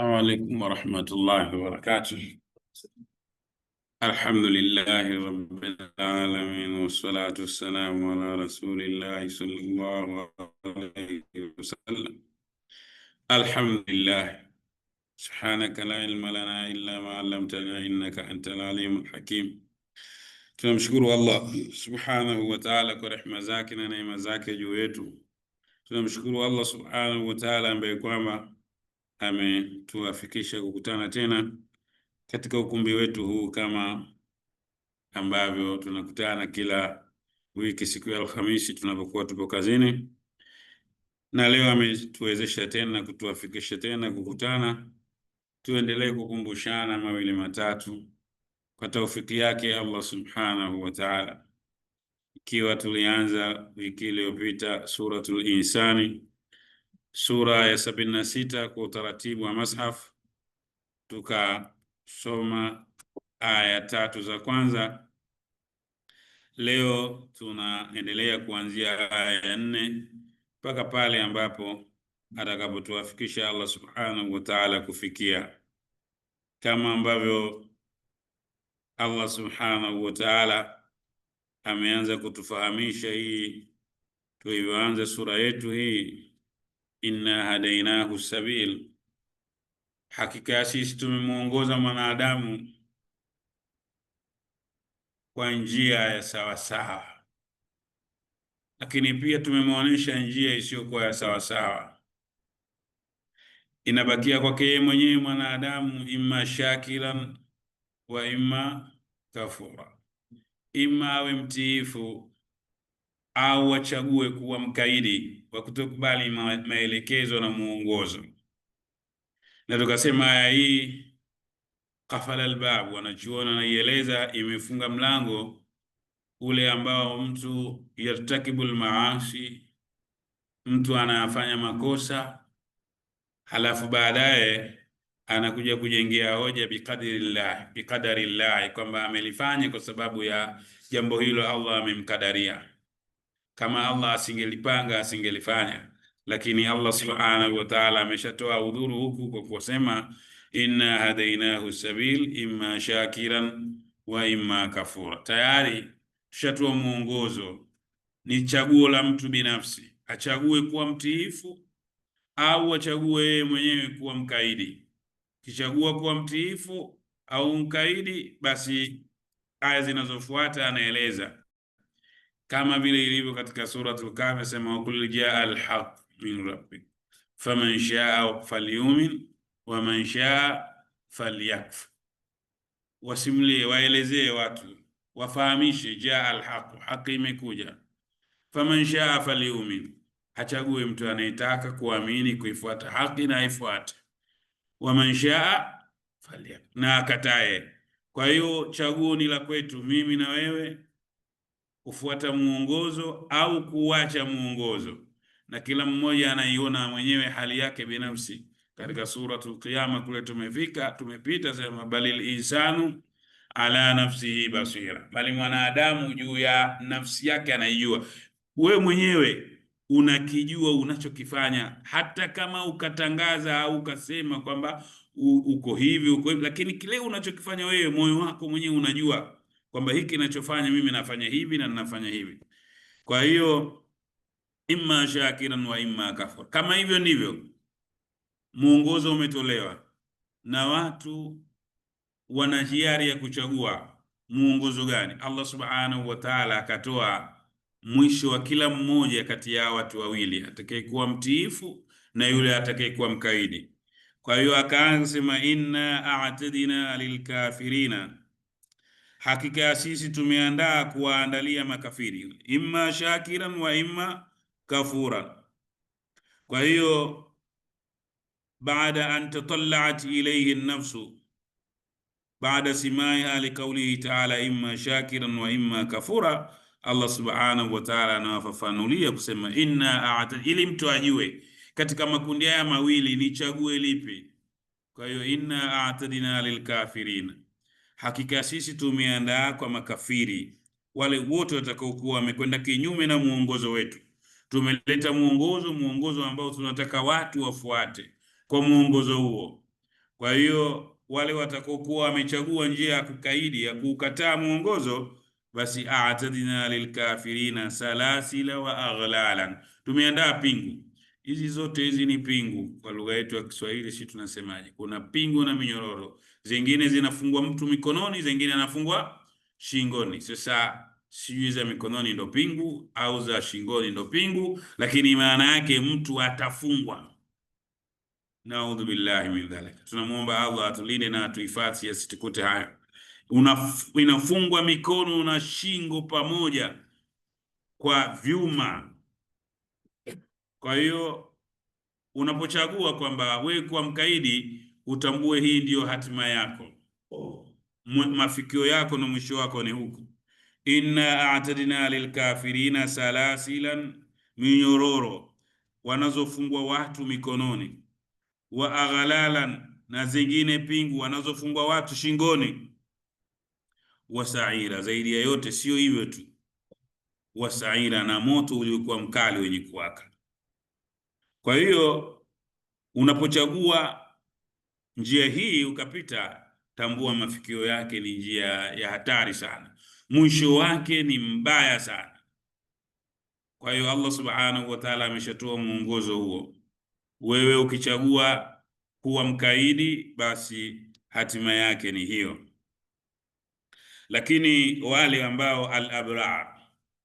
السلام عليكم ورحمة الله وبركاته الحمد لله رب العالمين والصلاة والسلام على رسول الله صلى الله عليه وسلم الحمد لله سبحانك لا علم لنا إلا ما علمتنا إنك أنت العليم الحكيم tunamshukuru allah subhanahu wataala kwa rehma zake na neema zake juu yetu tunamshukuru allah subhanahu wataala ametuafikisha kukutana tena katika ukumbi wetu huu kama ambavyo tunakutana kila wiki siku ya Alhamisi tunapokuwa tupo kazini, na leo ametuwezesha tena kutuafikisha tena kukutana. Tuendelee kukumbushana mawili matatu kwa taufiki yake Allah subhanahu wa ta'ala. Ikiwa tulianza wiki iliyopita Suratul Insani sura ya sabini na sita kwa utaratibu wa mashaf, tukasoma aya tatu za kwanza. Leo tunaendelea kuanzia aya ya nne mpaka pale ambapo atakapotuafikisha Allah subhanahu wa ta'ala kufikia, kama ambavyo Allah subhanahu wa ta'ala ameanza kutufahamisha hii tulivyoanza sura yetu hii inna hadainahu sabil, hakika ya sisi tumemwongoza mwanadamu kwa njia ya sawasawa, lakini pia tumemwonyesha njia isiyokuwa ya sawasawa. Inabakia kwake yeye mwenyewe mwanadamu, imma shakiran wa imma kafura, imma awe mtiifu au achague kuwa mkaidi kwa kutokubali maelekezo na muongozo na tukasema aya hii kafala albabu, wanachuona anaieleza imefunga mlango ule ambao mtu yartakibu lmaasi, mtu anafanya makosa halafu baadaye anakuja kujengea hoja biqadri llahi, kwamba amelifanya kwa sababu ya jambo hilo Allah amemkadaria kama mm-hmm. Allah asingelipanga asingelifanya, lakini Allah subhanahu wa ta'ala ameshatoa udhuru huku kwa kusema inna hadainahu sabil imma shakiran wa imma kafura. Tayari tushatoa mwongozo, ni chaguo la mtu binafsi, achague kuwa mtiifu au achague yeye mwenyewe kuwa mkaidi. Kichagua kuwa mtiifu au mkaidi, basi aya zinazofuata anaeleza kama vile ilivyo katika Suratul Kahf amesema, wakul jaa alhaq min rabbik faman shaa falyumin waman shaa falyakfur, wasimlie waelezee watu wafahamishe, jaa alhaq, haki imekuja. Faman shaa falyumin, achague mtu anayetaka kuamini kuifuata haki na aifuate. Waman shaa falyakfur, na akatae. Kwa hiyo chaguo ni la kwetu, mimi na wewe kufuata mwongozo au kuacha mwongozo, na kila mmoja anaiona mwenyewe hali yake binafsi. Katika Suratul Qiyama kule tumefika tumepita, sema balil insanu ala nafsihi basira, bali mwanadamu juu ya nafsi yake anaijua. Wewe mwenyewe unakijua unachokifanya, hata kama ukatangaza au ukasema kwamba uko hivi uko hivi, lakini kile unachokifanya wewe, moyo wako mwenyewe unajua kwamba hiki ninachofanya mimi nafanya hivi na ninafanya hivi. Kwa hiyo imma shakiran wa imma kafur, kama hivyo ndivyo muongozo umetolewa na watu wana hiari ya kuchagua muongozo gani. Allah subhanahu wa ta'ala akatoa mwisho wa kila mmoja kati ya watu wawili, atakayekuwa mtiifu na yule atakayekuwa mkaidi. Kwa hiyo akaanza sema inna a'tadina lilkafirina Hakika ya sisi tumeandaa kuwaandalia makafiri imma shakiran wa imma kafura Kwa hiyo baada an tatallaat ilayhi nafsu baada simaiha liqaulihi taala imma shakiran wa imma kafura, Allah subhanahu wa taala anawafafanulia kusema inna, ili mtu ajue katika makundi haya mawili nichague lipi. Kwa hiyo inna a'tadina lilkafirina Hakika sisi tumeandaa kwa makafiri wale wote watakaokuwa wamekwenda kinyume na mwongozo wetu. Tumeleta mwongozo, mwongozo ambao tunataka watu wafuate kwa mwongozo huo. Kwa hiyo wale watakaokuwa wamechagua njia ya kukaidi, ya kukataa mwongozo, basi atadina lilkafirina salasila wa aghlalan, tumeandaa pingu. Hizi zote hizi ni pingu, kwa lugha yetu ya Kiswahili si tunasemaje? Kuna pingu na minyororo zingine zinafungwa mtu mikononi, zingine anafungwa shingoni. Sasa sijui za mikononi ndo pingu au za shingoni ndo pingu, lakini maana yake mtu atafungwa. Naudhu billahi min dhalik. Tunamuomba Allah atulinde na atuhifadhi asitukute hayo. Inafungwa mikono na shingo pamoja kwa vyuma. Kwa hiyo unapochagua kwamba wewe kuwa mkaidi utambue hii ndiyo hatima yako, mafikio yako na mwisho wako ni huku. Inna atadna lilkafirina salasilan, minyororo wanazofungwa watu mikononi, wa aghlalan, na zingine pingu wanazofungwa watu shingoni, wasaira, zaidi ya yote sio hivyo tu, wasaira, na moto uliokuwa mkali wenye kuwaka. Kwa hiyo unapochagua njia hii ukapita, tambua mafikio yake ni njia ya hatari sana, mwisho wake ni mbaya sana. Kwa hiyo Allah subhanahu wa ta'ala ameshatoa mwongozo huo. Wewe ukichagua kuwa mkaidi, basi hatima yake ni hiyo. Lakini wale ambao al abra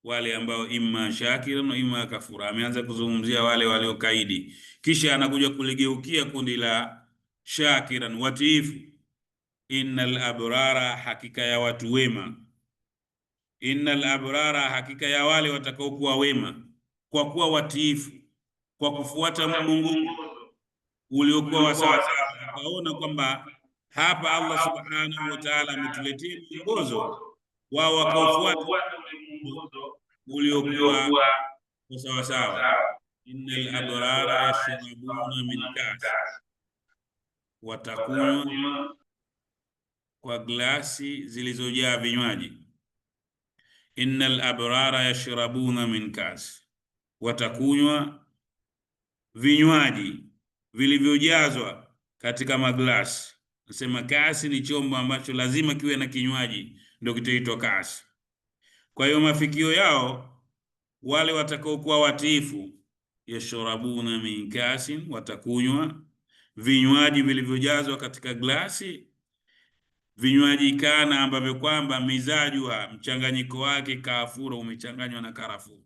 wale ambao imma shakira na imma kafura, ameanza kuzungumzia wale waliokaidi, kisha anakuja kuligeukia kundi la shakiran watiifu, innal abrara, hakika ya watu wema, innal abrara, hakika ya wale watakaokuwa wema, kwa kuwa watiifu, kwa kufuata Mungu uliokuwa wasawasawa. Ukaona kwamba hapa Allah subhanahu wa ta'ala ametuletea mwongozo wao wakaofuata uliokuwa wasawasawa. Innal abrara yashrabuna min kas watakunywa kwa glasi zilizojaa vinywaji. Innal abrara yashrabuna min kasi, watakunywa vinywaji vilivyojazwa katika maglasi. Nasema kasi ni chombo ambacho lazima kiwe na kinywaji, ndio kitaitwa kasi. Kwa hiyo mafikio yao wale watakaokuwa watiifu, yashrabuna min kasin, watakunywa vinywaji vilivyojazwa katika glasi, vinywaji kana ambavyo kwamba mizajwa mchanganyiko wake kaafura umechanganywa na karafuu,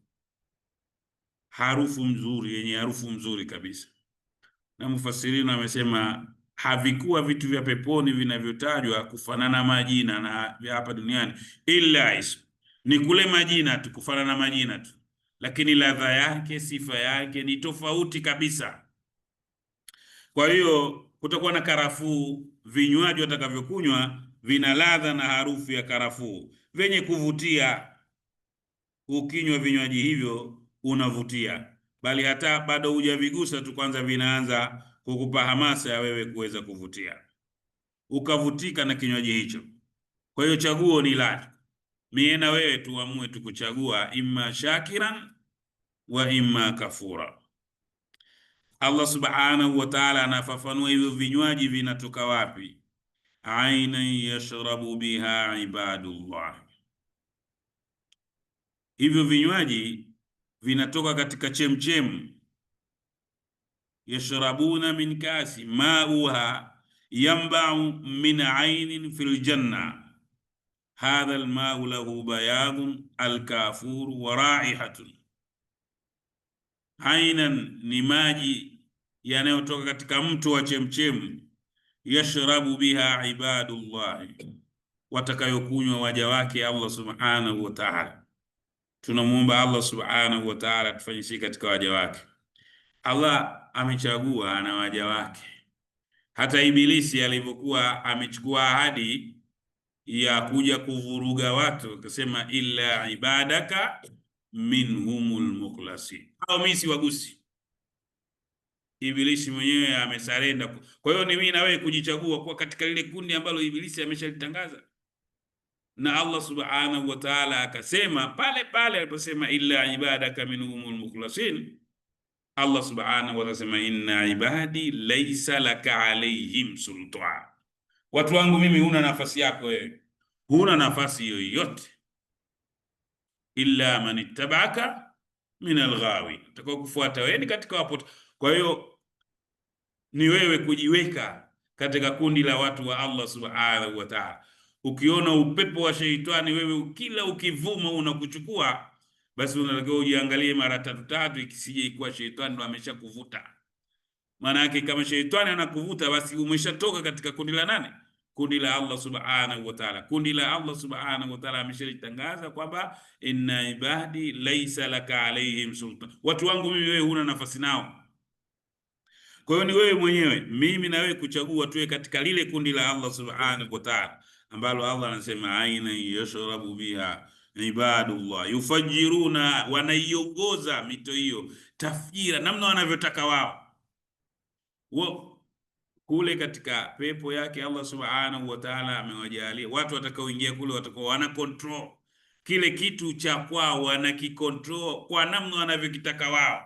harufu mzuri yenye harufu mzuri kabisa. Na mufasirina amesema havikuwa vitu vya peponi vinavyotajwa kufanana majina na vya hapa duniani, ila ismu, ni kule majina tu, kufanana majina tu, lakini ladha yake, sifa yake ni tofauti kabisa. Kwa hiyo kutakuwa na karafuu, vinywaji watakavyokunywa vina ladha na harufu ya karafuu vyenye kuvutia. Ukinywa vinywaji hivyo unavutia, bali hata bado hujavigusa tu, kwanza vinaanza kukupa hamasa ya wewe kuweza kuvutia, ukavutika na kinywaji hicho. Kwa hiyo chaguo ni lako, mie na wewe tuamue tukuchagua, imma shakiran wa imma kafura. Allah subhanahu wa ta'ala anafafanua hivyo vinywaji vinatoka wapi? Aina yashrabu biha ibadullah, hivyo vinywaji vinatoka katika chemchem. Yashrabuna min kasi mauha yambau min ainin fil janna hadha lmau lahu bayadun alkafuru wa raihatun ainan ni maji yanayotoka katika mto wa chemchemu, yashrabu biha ibadullahi, watakayokunywa waja wake Allah subhanahu wa ta'ala. Tunamuomba Allah subhanahu wa ta'ala tufanyisi katika waja wake. Allah amechagua ana waja wake. Hata Ibilisi alivyokuwa amechukua ahadi ya kuja kuvuruga watu, akasema illa ibadaka minhumul mukhlasin, hao mimi siwagusi. Ibilisi mwenyewe amesarenda. Kwa hiyo ni mimi na wewe kujichagua kuwa katika lile kundi ambalo ibilisi ameshalitangaza, na Allah subhanahu wa ta'ala akasema pale pale aliposema illa ibadaka minhumul mukhlasin, Allah subhanahu wa ta'ala sema inna ibadi laysa laka alayhim sultan, watu wangu mimi huna nafasi yako wewe, huna nafasi yoyote illa man ittaba'aka min alghawi, atakao kufuata wewe ni katika wapote. Kwa hiyo ni wewe kujiweka katika kundi la watu wa Allah subhanahu wa ta'ala. Ukiona upepo wa sheitani wewe kila ukivuma unakuchukua, basi unatakiwa ujiangalie mara tatu tatu, ikisije ikuwa sheitani ndo ameshakuvuta. Maana yake kama sheitani anakuvuta, basi umeshatoka katika kundi la nane kundi la Allah subhanahu wa ta'ala. Kundi la Allah subhanahu wa ta'ala ameshalitangaza kwamba inna ibadi laisa laka alaihim sultan, watu wangu mimi wewe huna nafasi nao. Kwa hiyo ni wewe mwenyewe mimi na wewe kuchagua tuwe katika lile kundi la Allah subhanahu wa ta'ala ambalo Allah anasema aina yashrabu biha ibadullah yufajiruna, wanaiongoza mito hiyo tafjira, namna wanavyotaka wao kule katika pepo yake Allah subhanahu wa ta'ala amewajalia watu watakaoingia kule watakuwa wana control kile kitu cha kwao, wanakikontrol kwa namna wanavyokitaka wao,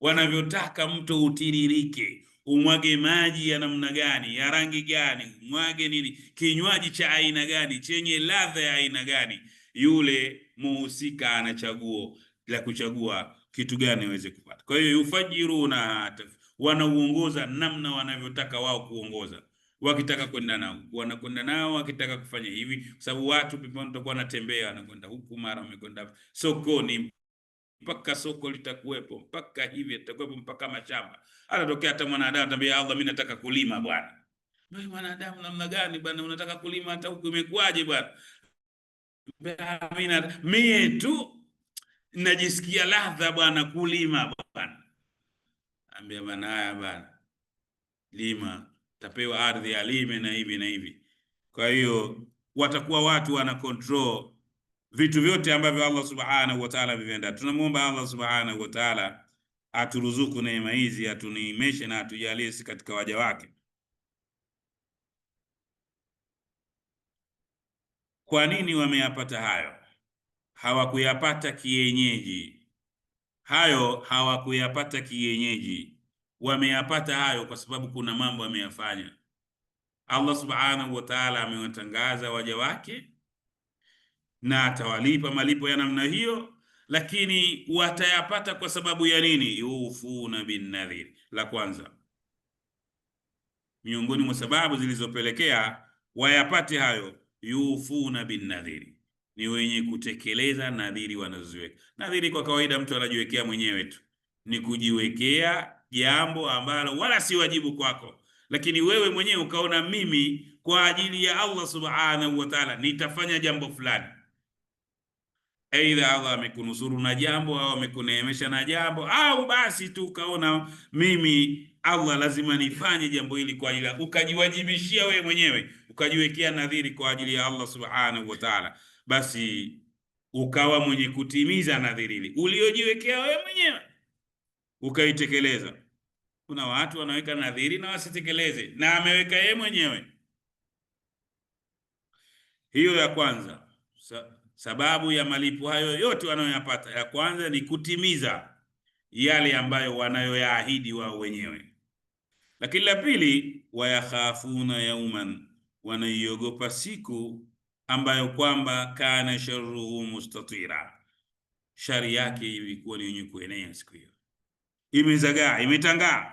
wanavyotaka mto utiririke, umwage maji ya namna gani, ya rangi gani, umwage nini, kinywaji cha aina gani, chenye ladha ya aina gani. Yule muhusika ana chaguo la kuchagua kitu gani aweze kupata. Kwa hiyo yufajiruna wanauongoza namna wanavyotaka wao kuongoza wakitaka kwenda nao wanakwenda nao, wakitaka kufanya hivi, kwa sababu watu tutakuwa wanatembea, anakwenda huku, mara amekwenda sokoni, mpaka soko litakuwepo, mpaka hivi litakuwepo, mpaka mashamba. Atatokea hata mwanadamu atambia Allah, mimi nataka kulima bwana. Wewe mwanadamu namna gani bwana, unataka kulima hata huku imekuaje bwana? Mimi tu najisikia ladha bwana kulima bwana ambia bana, haya bana, lima tapewa ardhi alime na hivi na hivi. Kwa hiyo watakuwa watu wana control vitu vyote ambavyo Allah subhanahu wa ta'ala vivenda. Tunamuomba Allah subhanahu wa ta'ala aturuzuku neema hizi, atuniimeshe na atujalie sisi katika waja wake. Kwa nini wameyapata hayo? Hawakuyapata kienyeji hayo hawakuyapata kienyeji, wameyapata hayo kwa sababu kuna mambo ameyafanya. Allah subhanahu wa ta'ala amewatangaza waja wake na atawalipa malipo ya namna hiyo, lakini watayapata kwa sababu ya nini? Yufuna bin La kwanza miongoni mwa sababu zilizopelekea wayapate hayo, yufuna bin nadhiri ni wenye kutekeleza nadhiri wanazoziweka. Nadhiri kwa kawaida mtu anajiwekea mwenyewe tu, ni kujiwekea jambo ambalo wala si wajibu kwako, lakini wewe mwenyewe ukaona mimi kwa ajili ya Allah subhanahu wa ta'ala nitafanya jambo fulani, aidha Allah amekunusuru na jambo au amekuneemesha na jambo, au basi tu ukaona mimi Allah lazima nifanye jambo hili kwa ajili, ukajiwajibishia wewe mwenyewe, ukajiwekea nadhiri kwa ajili ya Allah subhanahu wa ta'ala basi ukawa mwenye kutimiza nadhiri ile uliojiwekea wewe mwenyewe ukaitekeleza. Kuna watu wanaweka nadhiri na wasitekeleze, na ameweka yeye mwenyewe. Hiyo ya kwanza sababu ya malipo hayo yote wanayoyapata, ya kwanza ni kutimiza yale ambayo wanayoyaahidi wao wenyewe. Lakini la pili, wayakhafuna yauman, wanaiogopa siku ambayo kwamba kana sharruhu mustatira, shari yake ilikuwa ni yenye kuenea siku hiyo, imezagaa imetangaa.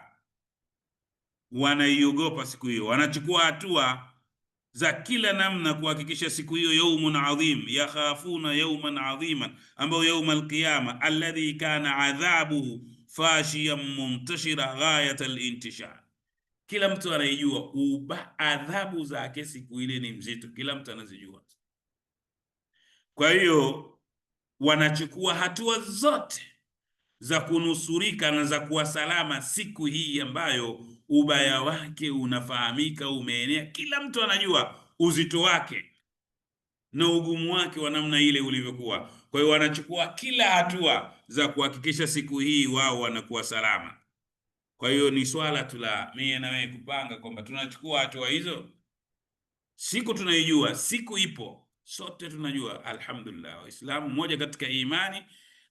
Wanaiogopa siku hiyo, wanachukua hatua za kila namna kuhakikisha siku hiyo, yaumun adhim, yakhafuna yauman adhiman, ambayo yauma alqiyama alladhi kana adhabuhu fashiyan muntashira ghayat alintishar kila mtu anaijua. Uba adhabu zake siku ile ni mzito, kila mtu anazijua. Kwa hiyo wanachukua hatua zote za kunusurika na za kuwa salama siku hii ambayo ubaya wake unafahamika, umeenea, kila mtu anajua uzito wake na ugumu wake wa namna ile ulivyokuwa. Kwa hiyo wanachukua kila hatua za kuhakikisha siku hii wao wanakuwa salama. Kwa hiyo ni swala tu la mie na wewe kupanga kwamba tunachukua hatua hizo. Siku tunaijua, siku ipo, sote tunajua. Alhamdulillah, Waislamu moja katika imani,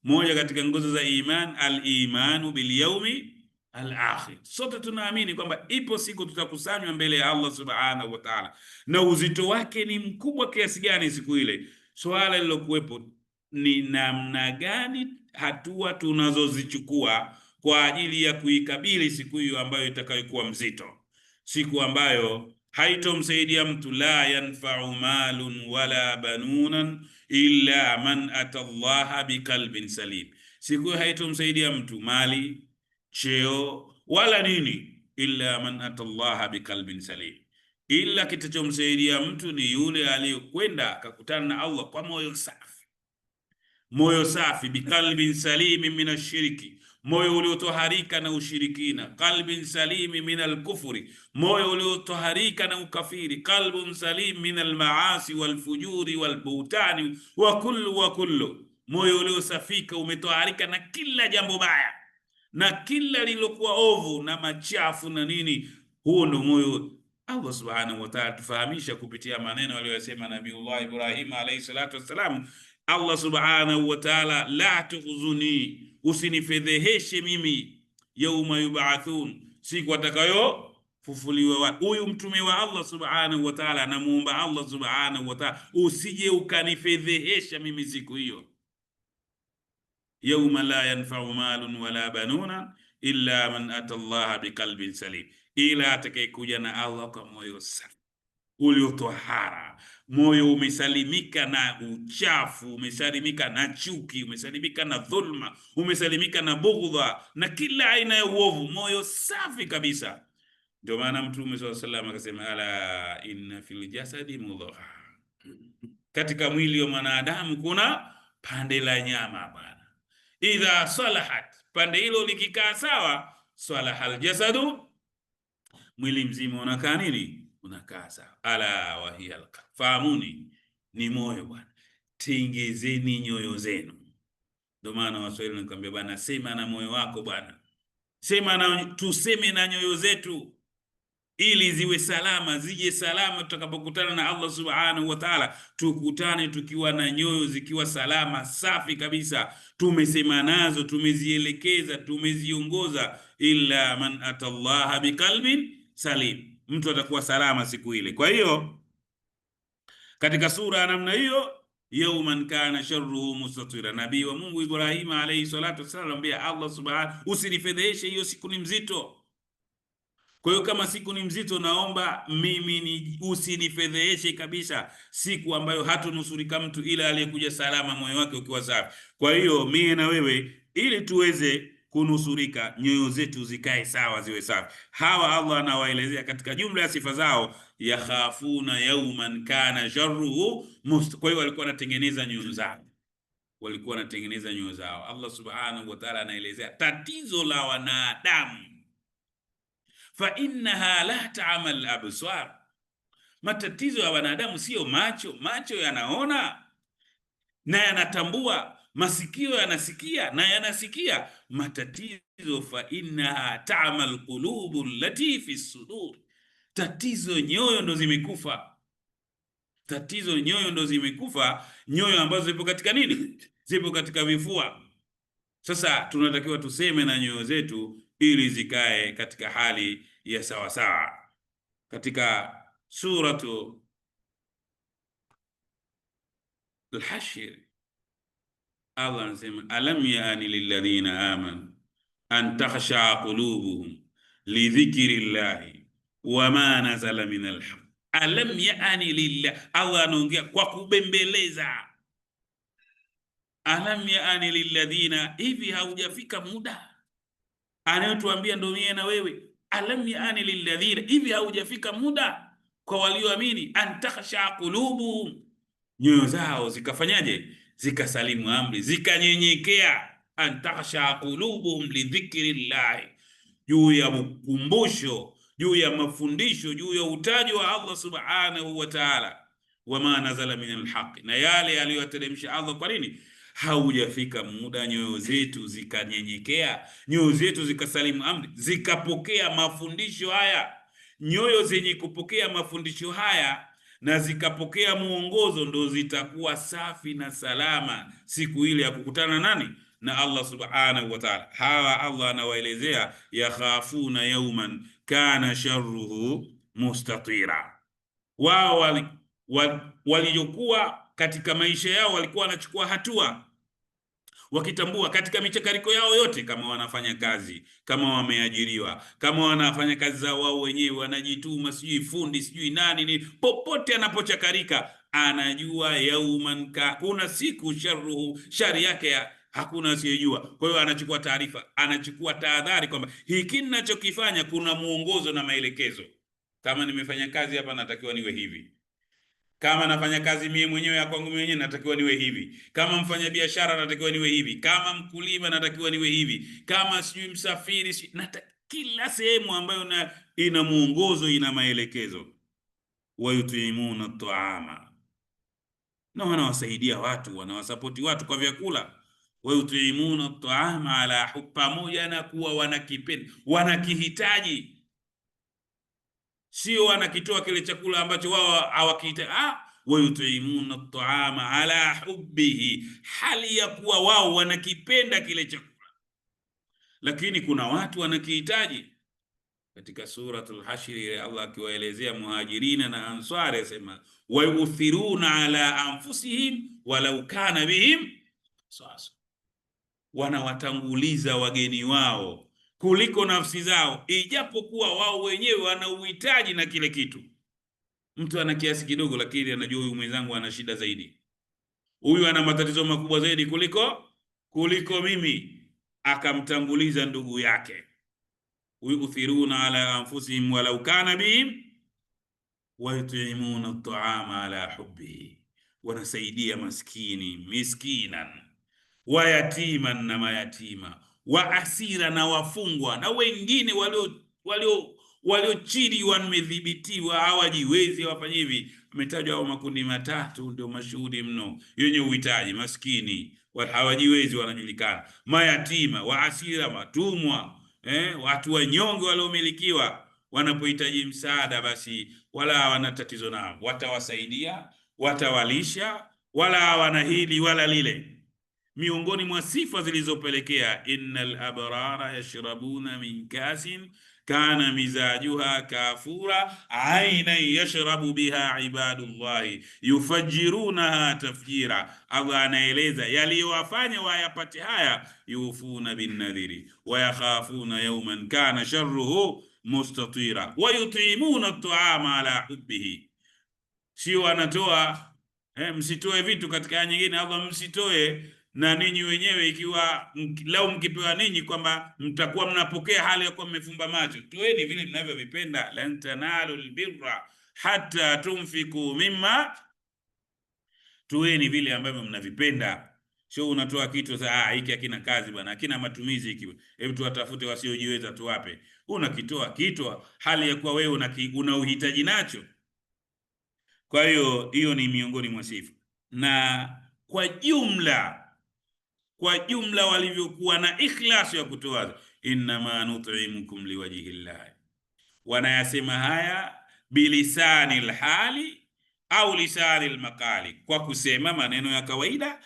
moja katika nguzo za iman, al-imanu bil yaumi al-akhir. Sote tunaamini kwamba ipo siku tutakusanywa mbele ya Allah subhanahu wa ta'ala, na uzito wake ni mkubwa kiasi gani siku ile. Swala lilokuwepo ni namna gani, hatua tunazozichukua kwa ajili ya kuikabili siku hiyo ambayo itakayokuwa mzito, siku ambayo haitomsaidia mtu, la yanfau malun wala banunan illa man ata llaha biqalbin salim. Siku hiyo haitomsaidia mtu mali, cheo wala nini, illa man ata llaha biqalbin salim, ila kitachomsaidia mtu ni yule aliyokwenda akakutana na Allah kwa moyo safi, moyo safi, biqalbin salimi minashiriki moyo uliotoharika na ushirikina, qalbin salimi min alkufri, moyo uliotoharika na ukafiri, qalbun salim min almaasi walfujuri walbutani wa kullu wa kullu, moyo uliosafika umetoharika na kila jambo baya na kila lilokuwa ovu na machafu na nini. Huo ndio moyo Allah subhanahu wa ta'ala tufahamisha kupitia maneno aliyosema Nabiiullah Ibrahim alayhi salatu wassalam. Allah subhanahu wa ta'ala, la tuhzuni usinifedheheshe mimi yauma yubathun, siku watakayofufuliwa. Huyu mtume wa Allah subhanahu wa ta'ala muumba Allah subhanahu wa ta'ala, usije ukanifedhehesha mimi siku hiyo, yauma la yanfau malun wala banuna illa man ata llaha biqalbin salim, ila atakayekuja na Allah kwa moyo safi uliotohara moyo umesalimika na uchafu, umesalimika na chuki, umesalimika na dhulma, umesalimika na bughdha na kila aina ya uovu, moyo safi kabisa. Ndio maana Mtume swalla sallam akasema, ala inna fil jasadi mudha, katika mwili wa mwanadamu kuna pande la nyama bwana, idha salahat, pande hilo likikaa sawa, salahal jasadu, mwili mzima unakaa nini unakaa sawa. Ala wahiya fahamuni ni moyo bwana, tengezeni nyoyo zenu. Ndio maana Waswahili nikwambia bwana, sema na moyo wako bwana, sema na tuseme na nyoyo zetu ili ziwe salama, zije salama tutakapokutana na Allah subhanahu wa ta'ala, tukutane tukiwa na nyoyo zikiwa salama safi kabisa, tumesema nazo, tumezielekeza, tumeziongoza. illa man atallaha biqalbin salim mtu atakuwa salama siku ile. Kwa hiyo katika sura ya namna hiyo yauman kana sharruhu mustatira, nabii wa Mungu Ibrahima alayhi salatu wasallam anamwambia Allah subhanahu, usinifedheshe, hiyo siku ni mzito. Kwa hiyo kama siku ni mzito, naomba mimi ni usinifedheshe kabisa, siku ambayo hatunusurika mtu ila aliyekuja salama, moyo wake ukiwa safi. Kwa hiyo mie na wewe, ili tuweze kunusurika, nyoyo zetu zikae sawa, ziwe safi. Hawa Allah anawaelezea katika jumla ya sifa zao, yakhafuna yauman kana sharruhu must. Kwa hiyo walikuwa wanatengeneza nyoyo zao, walikuwa wanatengeneza nyoyo zao. Allah subhanahu wa ta'ala anaelezea tatizo la wanadamu, fa innaha la ta'mal absar, matatizo ya wanadamu siyo macho. Macho yanaona na yanatambua masikio yanasikia na yanasikia matatizo, fa innaha ta'ma alqulubu allati fi sudur, tatizo nyoyo ndo zimekufa. Tatizo nyoyo ndo zimekufa, nyoyo ambazo zipo katika nini? Zipo katika vifua. Sasa tunatakiwa tuseme na nyoyo zetu ili zikae katika hali ya sawasawa. Katika suratu Alhashir Allah anasema alam yaani lilladhina amanu an takhsha qulubuhum lidhikri llahi wama nazala min alhaq. Alam yaani lillah, Allah anaongea kwa kubembeleza. Alam yaani lilladhina, hivi haujafika muda anayotuambia ndio mie na wewe. Alam yaani lilladhina, hivi haujafika muda kwa walioamini, an takhsha qulubuhum, nyoyo zao zikafanyaje zikasalimu amri, zikanyenyekea. antakhsha qulubuhum lidhikri llahi, juu ya ukumbusho, juu ya mafundisho, juu ya utaji wa Allah subhanahu wa ta'ala. wama nazala min alhaqi, na yale aliyoyateremsha Allah. Kwa nini haujafika muda nyoyo zetu zikanyenyekea, nyoyo zetu zikasalimu amri, zikapokea mafundisho haya? Nyoyo zenye kupokea mafundisho haya na zikapokea mwongozo, ndo zitakuwa safi na salama siku ile ya kukutana nani na Allah subhanahu wa ta'ala. Hawa Allah anawaelezea yakhafuna yauman kana sharruhu mustatira, wao wali, wali katika maisha yao walikuwa wanachukua hatua wakitambua katika michakariko yao yote, kama wanafanya kazi, kama wameajiriwa, kama wanafanya kazi za wao wenyewe, wanajituma, sijui fundi, sijui nani ni, popote anapochakarika anajua yauman ka, kuna siku sharuhu shari yake ya hakuna asiyejua. Kwa hiyo anachukua taarifa, anachukua tahadhari kwamba hiki ninachokifanya kuna mwongozo na maelekezo. Kama nimefanya kazi hapa, natakiwa niwe hivi kama nafanya kazi mie mwenyewe ya kwangu mwenyewe, natakiwa niwe hivi. Kama mfanyabiashara, natakiwa niwe hivi. Kama mkulima, natakiwa niwe hivi. Kama sijui msafiri, sijui nata, kila sehemu ambayo na, ina mwongozo, ina maelekezo. Wayutimuna taama, na wanawasaidia watu, wanawasapoti watu kwa vyakula wayutimuna taama ala pamoja na kuwa wanakipenda wanakihitaji sio anakitoa kile chakula ambacho wao hawakiita ah, wayutimuna taama ala hubbihi, hali ya kuwa wao wanakipenda kile chakula, lakini kuna watu wanakihitaji. Katika Suratul Hashri Allah akiwaelezea muhajirina na answari asema wayuthiruna ala anfusihim walau kana bihim sasa, wanawatanguliza wageni wao kuliko nafsi zao, ijapokuwa wao wenyewe wana uhitaji na kile kitu. Mtu ana kiasi kidogo, lakini anajua huyu mwenzangu ana shida zaidi, huyu ana matatizo makubwa zaidi kuliko kuliko mimi, akamtanguliza ndugu yake. uthiruna ala anfusihim walau kana bihim wayutimuna at'ama ala hubbihi, wanasaidia maskini miskinan wayatiman na mayatima wa asira na wafungwa na wengine walio walio waliochiri wanmedhibitiwa hawajiwezi, hawafanye hivi. Ametajwa hao makundi matatu, ndio mashuhuri mno yenye uhitaji, maskini, hawajiwezi, wanajulikana, mayatima, waasira, watumwa, eh, watu wanyonge waliomilikiwa. Wanapohitaji msaada, basi wala hawana tatizo nao, watawasaidia, watawalisha, wala hawana hili wala lile miongoni mwa sifa zilizopelekea innal abrara yashrabuna min kasin kana mizajuha kafura ainan yashrabu biha ibadullahi yufajirunaha tafjira. Allah anaeleza yaliyowafanya wayapate haya, yufuna binnadhiri wayakhafuna yawman kana sharruhu mustatira wayutimuna at'ama ala hubbihi, sio anatoa eh, msitoe vitu katika aya nyingine, Allah msitoe na ninyi wenyewe, ikiwa lau mkipewa ninyi kwamba mtakuwa mnapokea hali ya kuwa mmefumba macho, tueni vile mnavyovipenda. lan tanalu albirra hata tumfiku mimma, tueni vile ambavyo mnavipenda. Sio unatoa kitu sasa, ah, hiki hakina kazi bwana, hakina matumizi hiki, hebu tuwatafute wasiojiweza tuwape. Unakitoa kitwa hali ya kuwa wewe una uhitaji nacho. Kwa hiyo hiyo ni miongoni mwa sifa, na kwa jumla kwa jumla walivyokuwa na ikhlasi ya kutoa, innama nutimukum liwajhi llahi, wanayasema haya bilisani lhali au lisani lmaqali, kwa kusema maneno ya kawaida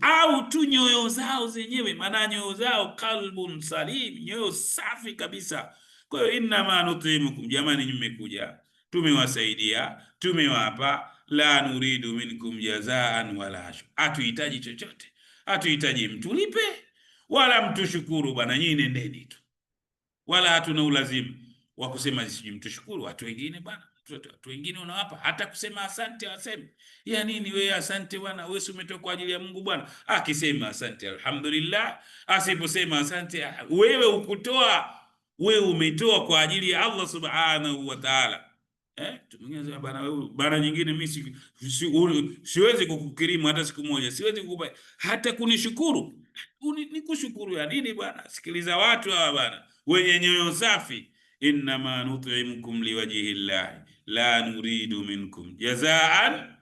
au tu nyoyo zao zenyewe, maana nyoyo zao qalbun salim, nyoyo safi kabisa. Kwa hiyo innama nutimukum, jamani, nimekuja tumewasaidia, tumewapa, la nuridu minkum jazaan wala shukr, hatuhitaji chochote hatuhitaji mtu lipe wala mtushukuru. Bwana nyinyi nendeni tu, wala hatuna ulazimu wa kusema sijui mtushukuru. Watu wengine bwana, watu wengine unawapa hata kusema asante waseme ya nini? Wewe asante bwana, wewe umetoka kwa ajili ya Mungu bwana. Akisema asante alhamdulillah, asiposema asante, wewe ukutoa, wewe umetoa kwa ajili ya Allah subhanahu wa ta'ala. Eh, bana bana nyingine mimi si, si, siwezi kukukirimu hata siku moja, siwezi kukupa hata kunishukuru. Nikushukuru ya nini bana? Sikiliza watu hawa bana wenye nyoyo safi, innama nutimukum liwajihi llahi la nuridu minkum jazaan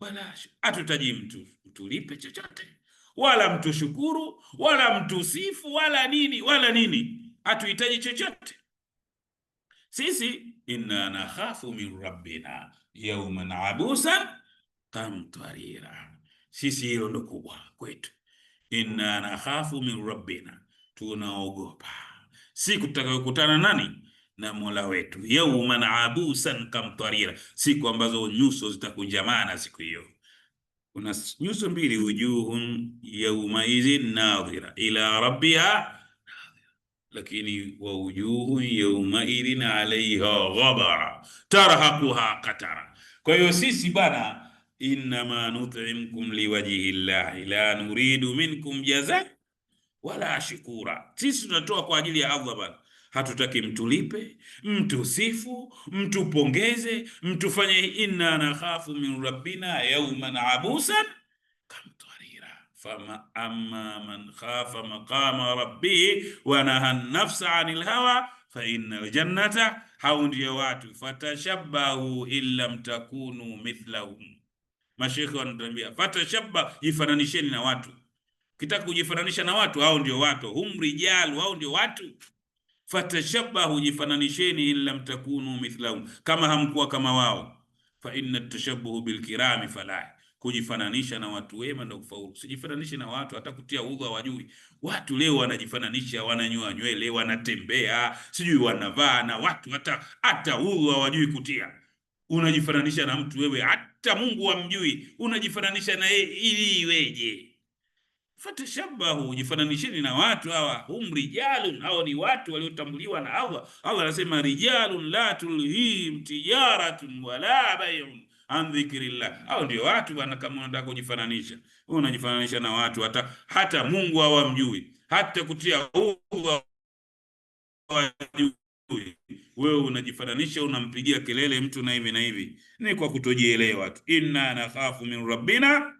wala hatutaji mtu mtulipe chochote wala mtushukuru wala mtu sifu wala nini wala nini, hatuhitaji chochote sisi inna nakhafu min rabbina yawman abusan kamtarira. Sisi hilo ndo kubwa kwetu, inna nakhafu min rabbina, tunaogopa siku tutakayokutana nani na Mola wetu, yawman abusan kamtarira, siku ambazo nyuso zitakunjamana. Siku hiyo kuna nyuso mbili, wujuhun yawma idhin nadhira ila rabbiha lakini wa wujuhun yaumaidhin alaiha ghabara tarhaquha qatara. Kwa hiyo sisi bana, innama nut'imkum liwajhi llahi la nuridu minkum jaza wala shukura. Sisi tunatoa kwa ajili ya Allah bana, hatutaki mtulipe, mtusifu, mtupongeze, mtufanye. Inna nakhafu min rabbina yawman abusan fama amma man khafa maqama rabbihi wa naha nafsa anil hawa fa innal jannata, hao ndio watu fatashabahu illam takunu mithlahum. Mashekhe wanatuambia fatashabba, jifananisheni na watu. Ukitaka kujifananisha na watu, hao ndio watu. Hum rijalu, hao ndio watu. Fatashabahu, jifananisheni, Illa mtakunu mithlahum, kama hamkuwa kama wao. Fa inna tashabuhu bilkirami falah kujifananisha na watu wema ndio kufaulu. Usijifananishe na watu hata kutia udhu wajui. Watu leo wanajifananisha, wananyoa nywele, wanatembea, sijui wanavaa na watu hata hata udhu wajui kutia. Unajifananisha na mtu wewe hata Mungu hamjui. Unajifananisha na yeye ili iweje? Fatashabahu, jifananisheni na watu hawa. Hum rijalun, hao ni watu waliotambuliwa na Allah. Allah anasema rijalun la tulhihim tijaratun wala bayun an dhikrillah. Au ndio watu bwana, kama unataka kujifananisha, wewe unajifananisha na watu, hata hata Mungu hawamjui, hata kutia uwa hawajui. Wewe unajifananisha, unampigia kelele mtu na hivi na hivi, ni kwa kutojielewa tu. Inna nakhafu min rabbina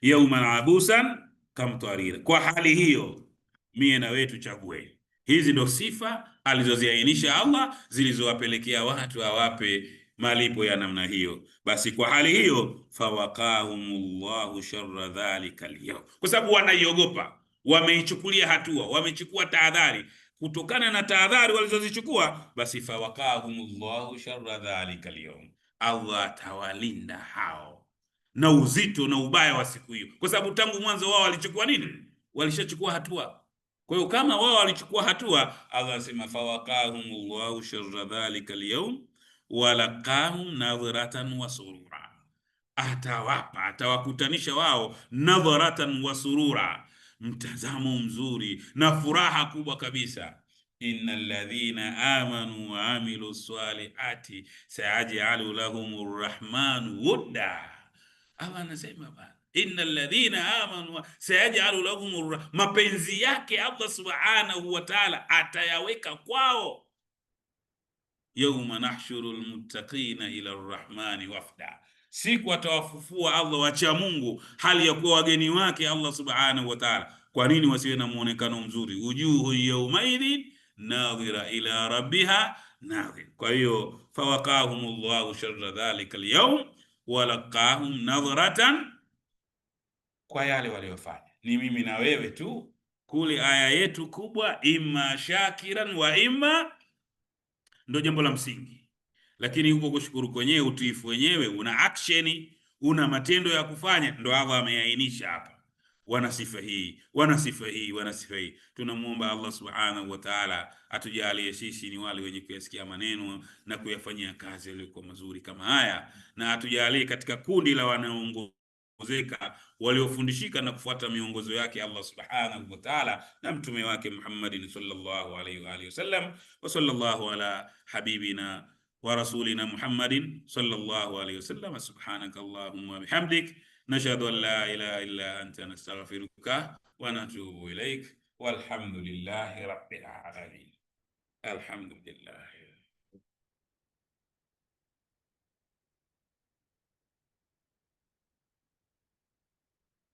yawman abusan kamtarira. Kwa hali hiyo, mie na wewe tuchague hizi ndo sifa alizoziainisha Allah zilizowapelekea watu awape malipo ya namna hiyo. Basi kwa hali hiyo, fawaqahumullahu sharra dhalika alyawm, kwa sababu wanaiogopa, wameichukulia hatua, wamechukua tahadhari kutokana na tahadhari walizozichukua, basi fawaqahumullahu sharra dhalika alyawm, Allah atawalinda hao na uzito na ubaya wa siku hiyo, kwa sababu tangu mwanzo wao walichukua nini? Walishachukua hatua. Kwa hiyo kama wao walichukua hatua, Allah asema fawaqahumullahu sharra dhalika alyawm walaqahum nadhratan wa surura, atawapa atawakutanisha wao nadhratan wa surura, mtazamo mzuri na furaha kubwa kabisa. innal ladhina amanu wa amilu salihati sayajalu lahum rrahmanu wudda. Aa, anasema bana innal ladhina amanu sayajalu lahum mapenzi yake Allah subhanahu wa ta'ala atayaweka kwao yauma nahshuru lmuttaqina ila rrahmani wafda, siku atawafufua Allah wacha Mungu hali ya kuwa wageni wake Allah subhanahu wa ta'ala. Kwa nini wasiwe na muonekano mzuri? wujuhu yaumaidhin nadhira ila rabbiha nadhir. Kwa hiyo fawaqahum llahu sharra dhalika alyawm walaqahum nadhratan, kwa yale waliyofanya. Ni mimi na wewe tu kule aya yetu kubwa, imma shakiran wa imma ndio jambo la msingi, lakini huko kushukuru kwenyewe, utiifu wenyewe, una action, una matendo ya kufanya, ndio Allah ameainisha hapa, wana sifa hii, wana sifa hii, wana sifa hii. Tunamuomba Allah subhanahu wa ta'ala atujalie sisi ni wale wenye kuyasikia maneno na kuyafanyia kazi yaliyokuwa mazuri kama haya, na atujalie katika kundi la wanaongo ozeka waliofundishika na kufuata miongozo yake Allah subhanahu wa ta'ala na mtume wake Muhammad sallallahu alayhi wa alihi wasallam wa sallallahu ala habibina wa rasulina Muhammad sallallahu alayhi wasallam subhanaka allahumma bihamdik nashhadu an la ilaha illa anta nastaghfiruka wa natubu ilaik walhamdulillahi rabbil alamin alhamdulillah